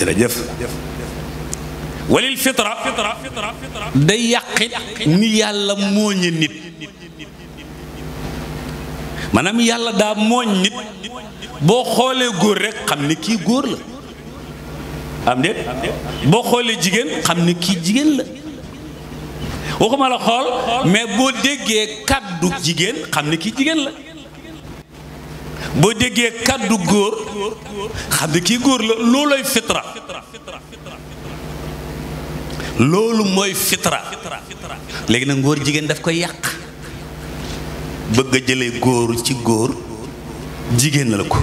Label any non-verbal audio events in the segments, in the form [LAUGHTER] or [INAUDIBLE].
jërëjëf walil fitra day yàqit ni yàlla mooñe nit maanaam yàlla daa mooñ nit boo xoolee góor rekk xam ne kii góor la am déet boo xoolee jigéen xam ne kii jigéen la waxuma la xool mais boo déggee kàddu jigéen xam ne kii jigéen la boo déggee kàddu góor xam ne kii góor la loolooy fitra loolu mooy fitra léegi nag ngóor jigéen daf ko yàq bëgg a jëlee góor ci góor jigéen la ko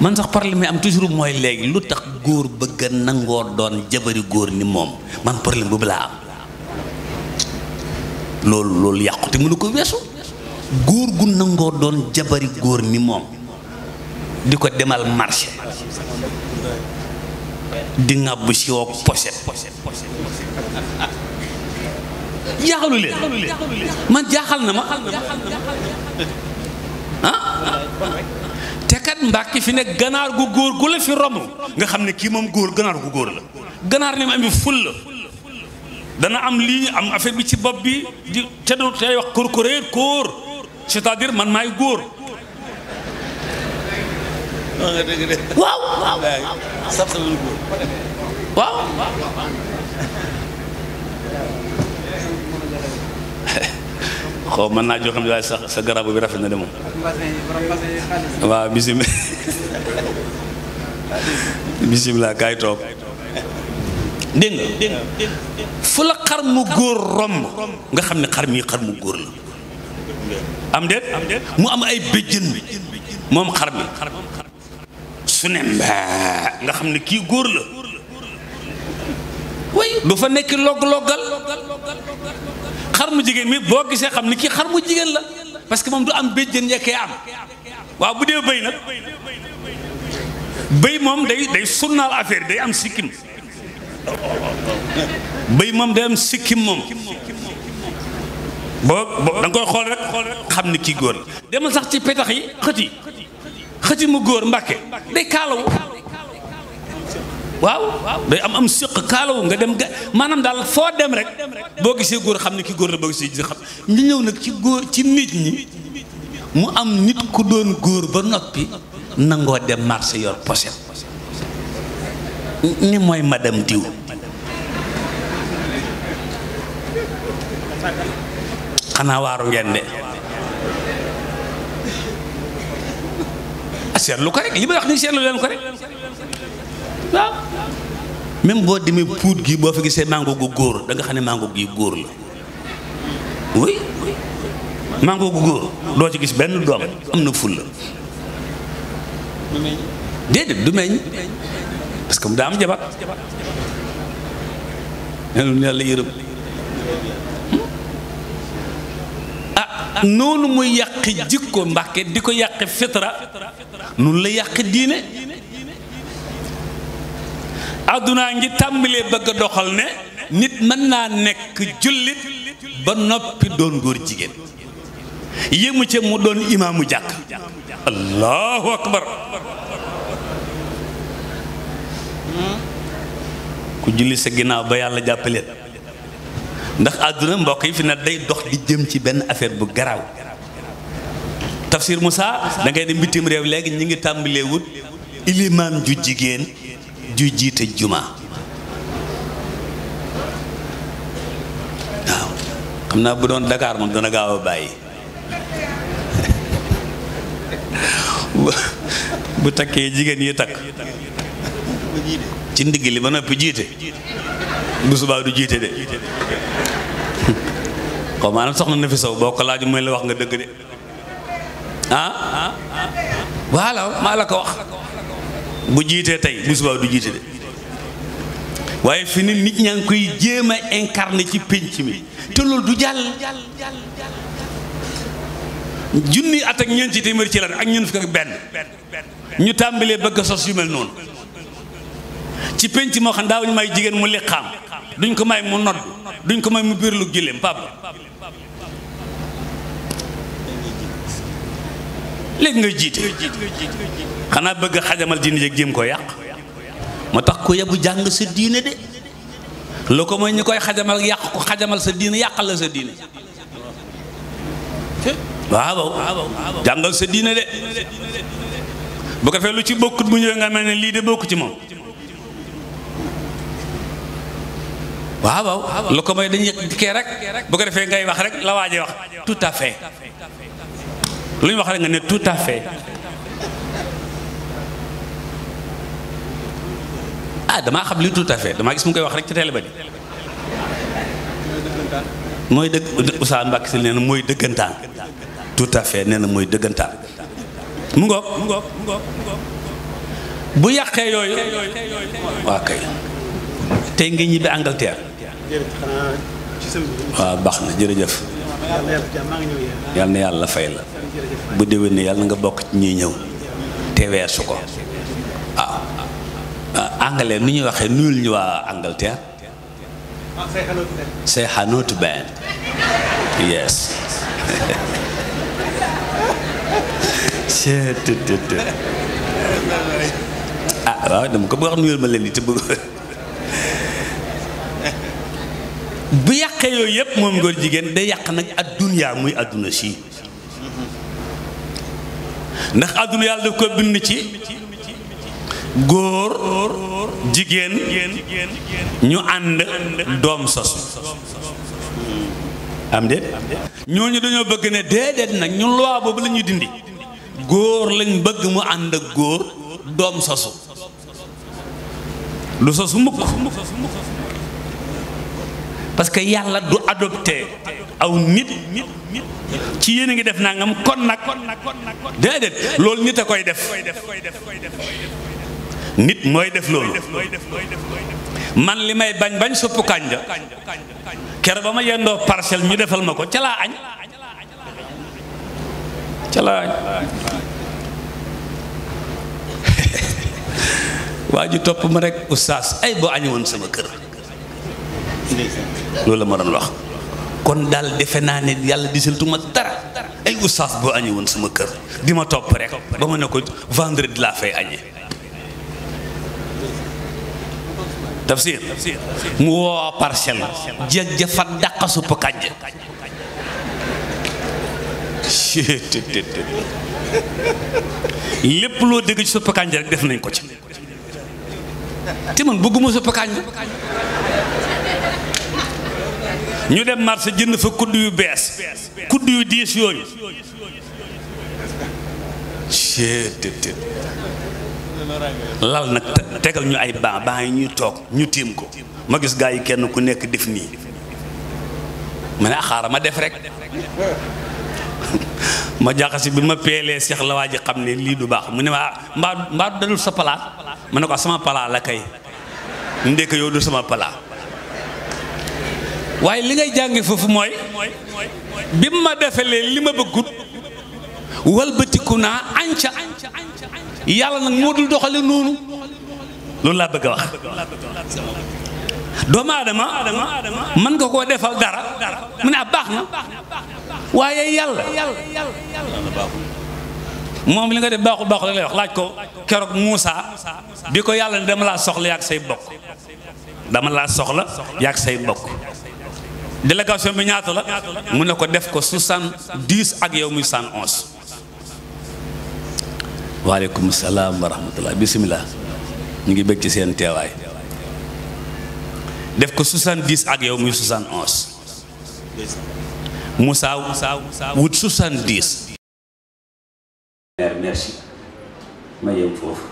man sax problème mi am toujours mooy léegi lu tax góor bëgg a nangoo doon jabari góor ni moom man problème boobu laa am loolu loolu yàqu te ko weesu góor gu nangoo doon jabari góor ni moom di ko demal marché di ŋàbb si woo poset jaaxalu leen man jaaxal na ma ah te kat mbàkki fi nekk ganaar gu góor gu la fi romb nga xam ne kii moom góor ganaar gu góor la ganaar ni ma am ful la dana am lii am affaire bi ci bopp bi di te du tey wax kóor kóoreer kóor man maay góor waaw waaw waaw. waaw. naa jox xam ne sax sa garabu bi rafet na de moom. waaw bisim bisimilah kaay toog. dégg nga fu la xar mu góor romb nga xam ne xar mii xar mu góor la am déet mu am ay béjjën moom xar mi su ne mbaa nga xam ne kii góor la way du fa nekk log-loggal xar mu jigéen mi boo gisee xam ne kii xar mu jigéen la parce que moom du am béjjën yekkee am bu dee béy nag béy moom day day sunnaal affaire day am sikkim béy moom day am sikkim moom boo boo da nga koy xool rek xam ne kii góor la demal sax ci petax yi xët yi xëti mu góor mbàkke day kaalawu waaw day am am sëq kaalawu nga dem ga maanaam daal foo dem rek boo gisee góor xam ne ki góor la boo gisee xam ñu ñëw nag ci góor ci nit ñi mu am nit ku doon góor ba noppi nangoo dem marché yor poset ni mooy madame diw xanaa waaru ngeen de seet lu ko rek li may wax ni seetlu leen ko rek waaw boo demee puut gi boo fa gisee mango gu góor danga xam ne mango gi góor la oui mango gu góor loo ci gis benn doom am na ful la déedéet du meññ parce que mu daa am jabar ne lu yàlla yërëm noonu muy yàqi jikko mbàkke di ko yàqi fitra noonu la yàqi diine àddunaa ngi tàmbalee bëgg a doxal ne nit mën naa nekk jullit ba noppi doon góor jigéen yéemu ca mu doon imaamu jàkk allahu akbar ku julli sa ginnaaw ba yàlla jàppaleen ndax àdduna mbokk yi fi ne day dox di jëm ci benn affaire bu garaaw tafsir musa dangay ngay dem bitim réew léegi ñi ngi tàmbalee wut ilimaam ju jigéen ju jiite juma waaw xam naa bu doon Dakar moom dana gaaw a bàyyi [LAUGHS] bu takkee jigéen yi takk ci ndigg li ba noppi jiite bu subaa du jiite de ko maanaam soxna Nafi Sow boo ko laaju mooy la wax nga dëgg de ah? ko wax bu jiitee tey bu du jiite waaye fi ni nit ñaa koy jéem a incarné ci pénc mi te loolu du jàll junni at ak ñeent ci téeméer ci lan ak ñeent fukk ak benn ñu tàmbalee bëgg a sos yu mel noonu ci pénc moo xam daawuñu may jigéen mu liqaam duñ ko may mu nodd duñ ko may mu lu giléem papa léegi ngay jiite xanaa bëgg xajamal diine jëg jéem ko yàq moo tax ku yebu jàng sa diine ko mooy ñu koy xajamal yàq xajamal sa diine yàqal la sa diine waaw jàngal sa diine de bu ko fee lu ci bokkut mu ñëwee nga mel ne lii de bokk ci moom waaw waaw lu ko mooy dañuy kii rek bu ko defee ngay wax rek la waaj a wax tout à fait lu ñu wax rek nga ne tout à fait ah damaa xam li tout à fait damaa gis mu koy wax rek ci télé mooy dëgg Oustaz Mbacké Sylla mooy dëggantaan tout à fait nee mooy dëggantaan mu ngoog mu ngoog mu ngoog bu yàqee yooyu waa kay tey nga ñibbi Angleterre waaw baax na jërëjëf yal na yàlla fay la bu déwén ne yàlla nga bokk ci ñuy ñëw te weesu ko waaw ah, ah, anglais nu ñuy waxee nuyul ñu waa Angleterre say xanotu benn yes [LAUGHS] ah waaw dama ko bëgg nuyul ma leen di te bëgg [LAUGHS] bu yàqee yooyu yëpp moom ngóor jigéen day yàq nag addunyaa muy adduna si ndax adduna yàlla daf ko bind ci góor jigéen ñu ànd doom sosu am déet ñooñu dañoo bëgg ne déedéet nag ñu loi boobu la dindi góor lañ bëgg mu ànd ak góor doom sosu lu sosu mukk parce que yàlla du adopté aw nit ci yéen a ngi def nangam kon nag kon nag déedéet loolu nit a koy def nit mooy def loolu man li may bañ bañ suppu kànja kere ba ma yendoo parcelle ñu defal ma ko ca laa añ ca [LAUGHS] ji topp ma rek oustaz ay boo añu woon sama kër loolu la ma doon wax kon daal defe naa ne yàlla disaltuma dara ay oustaz boo añee woon sama kër di ma topp rek ba ma ne ko di laa fay añee tafsir mu woo parcelle jeg ja fa dàqa suppa kànja [LAUGHS] lépp loo dégg ci suppa kànja rek def nañ ko ci te man bëgguma suppa kànja ñu dem marché jënd fa kudd yu bees kudd yu diis yooyu ctt lal nag tegal ñu ay baa baa yi ñuy toog ñu tiim ko ma gis gaa yi kenn ku nekk def nii ma ne ah, xaaral ma def rek [LAUGHS] ma jaxasi bi ma peelee seex la waa ji xam ne lii du baax mu ne ma ah, mbaa mbaa dalul sa palaat ma ne ko ah, sama palaa la kay ndekk yow du sama palaa waaye li ngay jànge foofu mooy bi ma defalee li ma bëggut walbatiku naa anca yàlla nag moo dul doxale noonu loolu laa bëgg a wax doomu aadama mën nga koo defal dara mu ne ah baax na waaye yàlla moom li nga def baaxul baaxul la lay wax laaj ko keroog Moussa bi ko yàlla ne dama laa soxla yaag say bokk dama laa soxla yaag say bokk délégation bi ñaata la mu ne ko def ko soixante-dix ak yow muy cent onze waaleykum salaam wa rahmatullah bisimilah ñu ngi bëgg ci seen teewaay def ko soixante-dix ak yow muy soixante onze Moussa wut soixante-dix merci ma yem foofu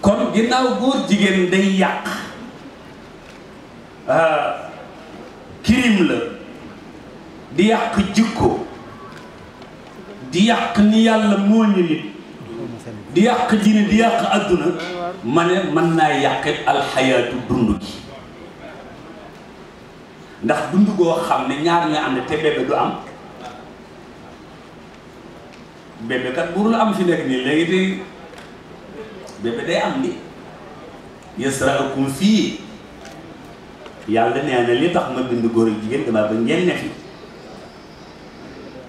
kon ginnaaw góor jigéen day yàq Euh, crime la di yàq jikko di yàq ni yàlla moo ñu nit di yàq diine di yàq adduna ma ne mën naa yàqit alxayaatu dund gi ndax dund goo xam ne ñaar am ànd te bébé du am bébé kat buur la am ci nekk nii léegi te bébé day am ni yasraakum fii yàlla nee na li tax ma bind góor ak jigéen damaa ba ngeen ne fi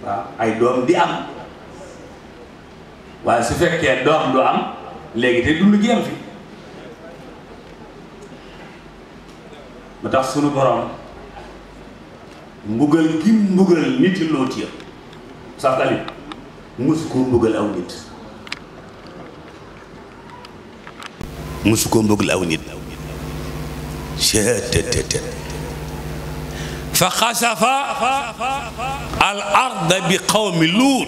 waaw ay doom di am waaye su fekkee doom du am léegi te dund gi fi mu tax sunu borom mbugal gi mbugal nit yi loo tiya sax dali musu koo mbugal aw nit musu koo mbugal aw nit fa xasafa al arda bi qawmi luut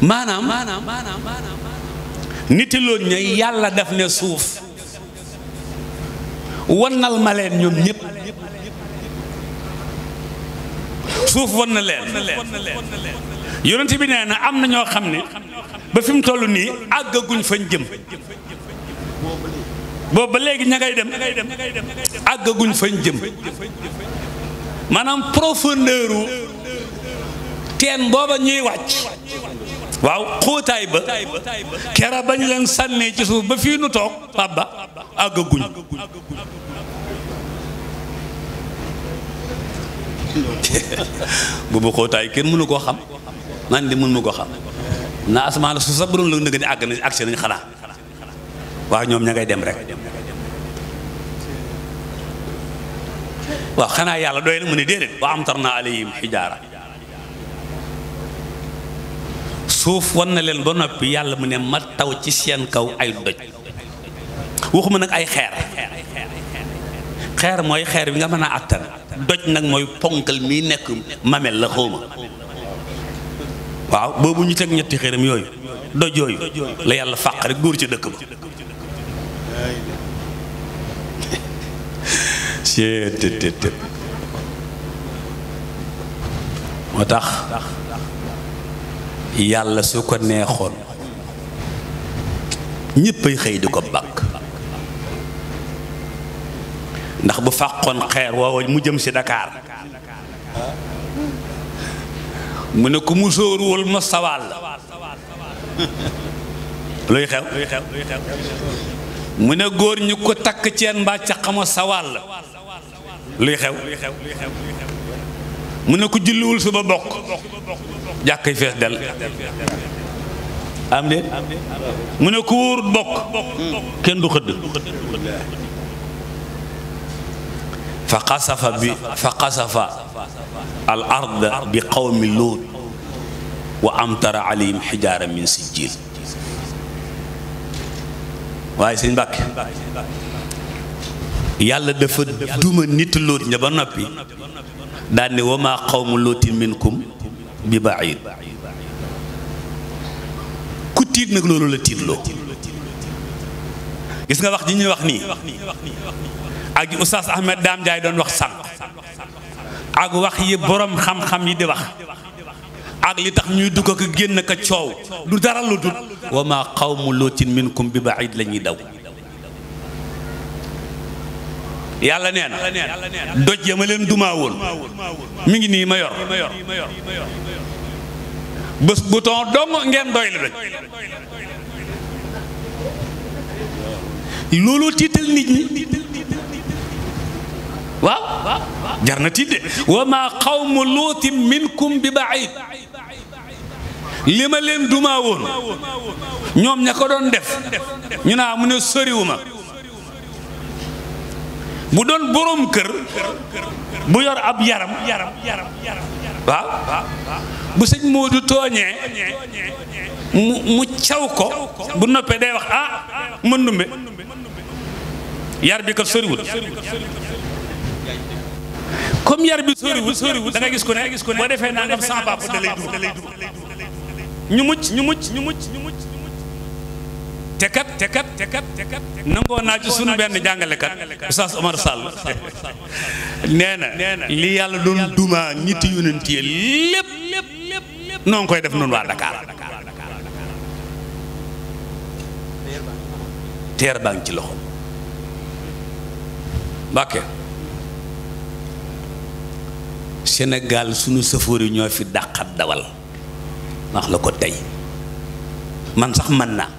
maanaam niti loon ña yàlla def ne suuf wannal leen ñoom ñépp suuf wan na leen yonent bi nee na am na ñoo xam ne ba fi mu toll nii àggaguñ fañ jëm boobu ba léegi ña ngay dem àggaguñ fañ jëm maanaam profondeur u teen booba ñuy wàcc waaw xóotaay ba kera bañ leen sànnee ci suuf ba fii nu toog pàbba àggaguñ [LAUGHS] boobu xóotaay kenn mënu koo xam man di mënu ma koo xam naa asmaan la su sa borom la nëgg ni àgg nañ agsi nañ xanaa waaw ñoom ña ngay dem rek waaw xanaa yàlla dooy na mu ne déedéet wa amtar na yi alayhim xijaara suuf wan na leen ba noppi yàlla mu ne ma taw ci seen kaw ay doj waxuma nag ay xeer xeer mooy xeer bi nga mën a àttan doj nag mooy ponkal mii nekk mamel la xawma waaw boobu ñu teg ñetti xeeram yooyu doj yooyu la yàlla fàq rek dóor ci dëkk ba seetetetet moo tax yàlla su ko neexoon ñéppay xëy di ko bàkk ndax bu fàqoon xeer woowa mu jëm si dakaar mu ne ko mu sóoruwul ma sawaal luy xew mu ne góor ñu ko takk ceen mbaa caq ma luy xew mu ne ku julliwul suba bokk jàkk yi fees del am de mu ne ku wóorut bokk kenn du xëdd fa xasafa bi fa xasafa al ard bi qawmi luut wa amtara alayhim xijaara min sijjiil waaye sëñ Mbàkke yàlla dafa duma nit lóot ña ba noppi daal ne wa maa xawmu lóotin minkum bi baid ku tiit nag loolu la tiitloo gis nga wax ji ñuy wax nii ak yi oustaz Ahmed Daam Njaay doon wax sànq ak wax yi borom xam-xam yi di wax ak li tax ñuy dugg ak génn ka coow du dara lu dul xawmu lóotin minkum bi baid la ñuy daw yàlla nee na doj ya leen dumaa woon mi ngi nii ma yor bés bu ton dong ngeen doy la doj looloo tiital nit ñi waaw jar na tiit de wa maa qawmu luutin minkum bi baid li leen dumaa woon ñoom ña ko doon def ñu naa mu ne soriwuma bu doon boroom kër bu yor ab yaram waaw bu sëñ Moodu tooñee mu mu caw ko bu noppee day wax ah mën numbe yar bi kat soriwul comme yar bi soriwul da nga gis ko ne boo defee nangam sama papa da lay dugg ñu mucc ñu mucc ñu mucc ñu mucc te tekat te kat te naa ci sunu benn jàngalekat Oustaz Omar Sall [LAUGHS] nee yàlla doon duma nit yi noo ngi koy def noonu waa Dakar teer ci loxo Mbàkke Sénégal sunu sëfoor yi ñoo fi dàqat dawal wax la ko tey man sax mën naa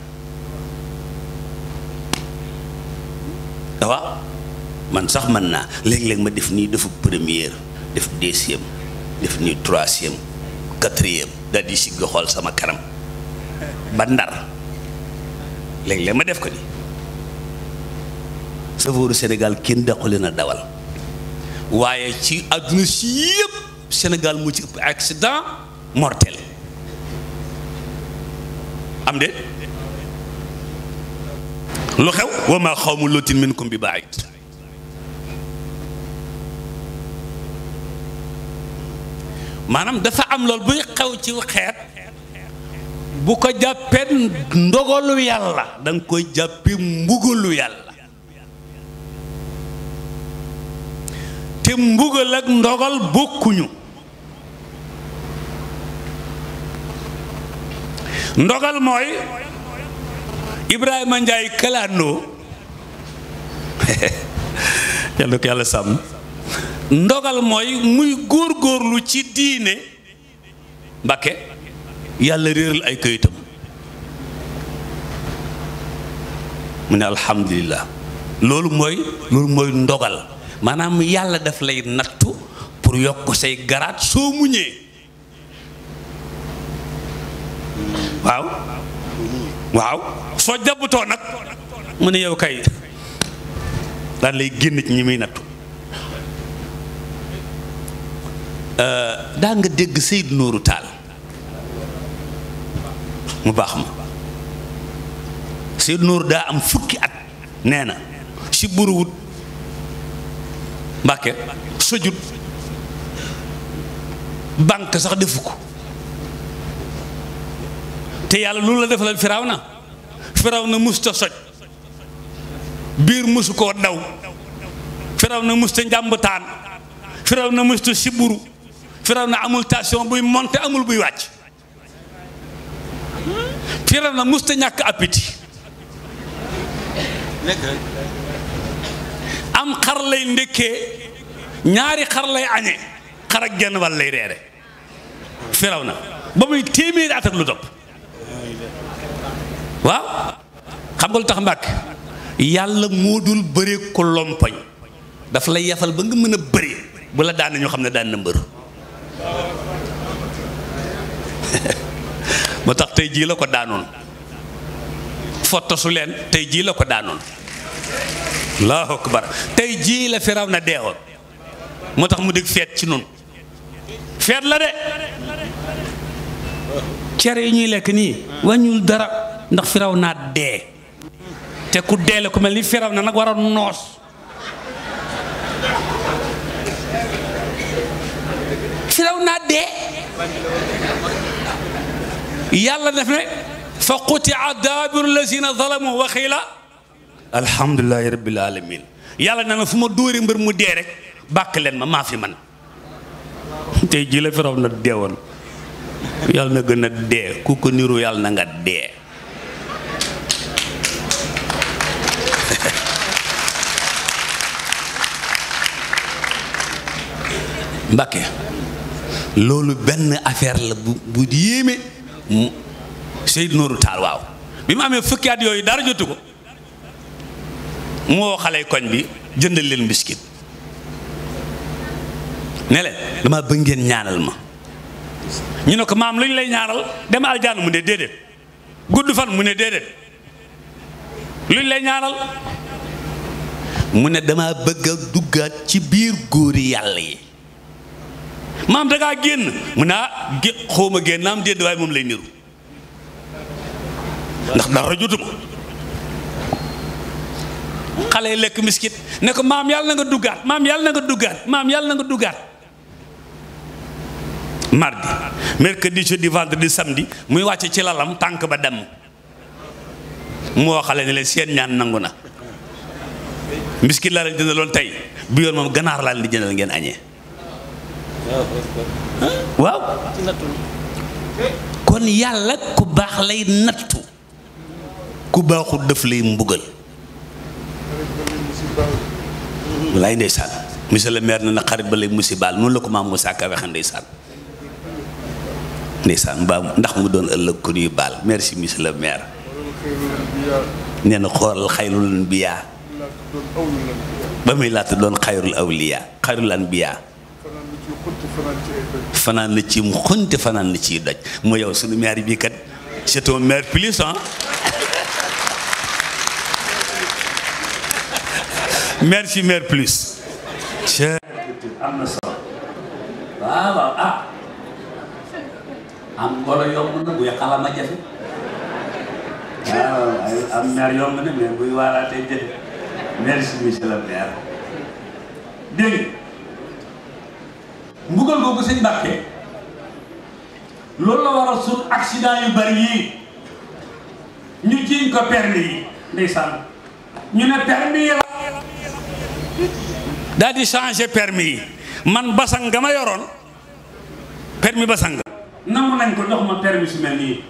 man sax man naa léeg-léeg ma def nii defu première def deuxième def nii troisième quatrième daal di sigg xool sama kanam ba ndar léeg-léeg ma def ko ni safooru Sénégal kenn daqule a dawal waaye ci àdduna si yëpp Sénégal moo ci ëpp accident mortel am de lu xew wa maa xawmu lootin minkum bi baayit maanaam dafa am lool buy xew ci xeet bu ko jàppee ndogalu yàlla da koy jàppi mbugalu yàlla te mbugal ak ndogal bokkuñu ndogal mooy Ibrahima Ndiaye këlaandoo [LAUGHS] yàlla ko yàlla sàmm ndogal mooy muy góor góorgóorlu ci diine Mbàkke yàlla réer ay kayitam mu ne alhamdulilah loolu mooy loolu mooy ndogal maanaam yàlla def lay nattu pour yokk say garaat soo muñee waaw waaw soo jabutoo nag mu ne yow kay daan lay génn ci ñi muy nattu Euh, daa nga dégg Seyd Nooru Taal mu baax ma Seyd Nooru daa am fukki at nee na si buruwut mbàkke sojut banque sax defu ko te yàlla loolu la defalal firaw na firaw na musta soj biir musu koo daw firaw na musta njàmbataan firaw na musta siburu Firawna amul tension buy monte amul buy wàcc Firawna musta ñàkk appétit am xar lay ndékkee ñaari xar lay añe xar ak genn wàll lay reere Firawna ba muy téeméeri at ak lu topp waaw xam nga lu tax mbàkk yàlla moo dul bëre ko lompoñ daf lay yafal ba nga mën a bëri bu la daan ñu xam ne daan na mbër [LAUGHS] moo tax tey jii la ko daanoon fottasu leen tey jii la ko daanoon allahu akbar tey jii la firaw na deewoon moo tax mu dégg feet ci nun feet la de cere yi ñuy lekk nii wàññul dara ndax firaw naa dee te ku deele ku mel ni firaw na nag war a noos firaw naa dee yàlla def ne fa qutia daabiru lazina zalamu wa xiila alhamdulilahi yàlla nee na fu ma dóori mbir mu dee rek bàkk leen ma maa fi man tey ji la firaw na deewoon yàlla na gën a dee ku niru yàlla na nga dee [LAUGHS] Mbàkke loolu benn affaire la bu bu yéeme Seyd Nooru Taal waaw bi mu amee fukki at yooyu dara jotu ko moo woo xale koñ bi jënd leen biskit ne dama bëgg ngeen ñaanal ma ñu ne ko maam lu ñu lay ñaanal dem aljaan mu ne déedéet gudd fan mu ne déedéet lu ñu lay ñaanal mu ne dama bëgg a duggaat ci biir góori yàlla yi maam da ngaa génn mu naa ah, gé xaw ma génn naam waaye moom lay niru ndax dara jotuma xale yi lekk miskit ne ko maam yàlla na nga duggaat maam yàlla na nga duggaat maam yàlla na nga duggaat mardi mercredi jeudi vendredi samedi muy wàcce ci lalam tànk ba dem moo woo xale ne leen seen ñaan nangu na miskit laa leen jëndaloon tey bu yoon moom ganaar laa leen di jëndal ngeen añee waaw kon yàlla ku baax lay nattu ku baaxul daf lay mbugal walaay ndeysaan monsieur le maire na na xarit ba lay musibaal noonu la ko maam Moussa Ka ndeysaan ndeysaan mbaa ndax mu doon ëllëg ku ñuy baal merci monsieur le maire nee na xoolal xayrul anbiya ba muy laata doon xayrul awliya xayrul anbiya fanaan na ci xonte fanaan na ciy daj mu yow sunu maire bi kat c'est ci maire plus am na solo waaw waaw ah. am golo yomb na buy xalama jafe waaw am maire yomb na mais buy mbugal googu sëñ Mbàkke loolu la waral suñ accident yu bari yii ñu jiiñ ko permis yi ñu ne permis yi la daal di changé permis yi man basan nga ma yoroon permis basang nangu nañ ko jox ma permis su mel nii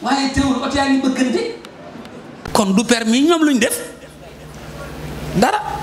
waaye teewul oto yaa ngi bëggante kon du permis ñoom luñ def dara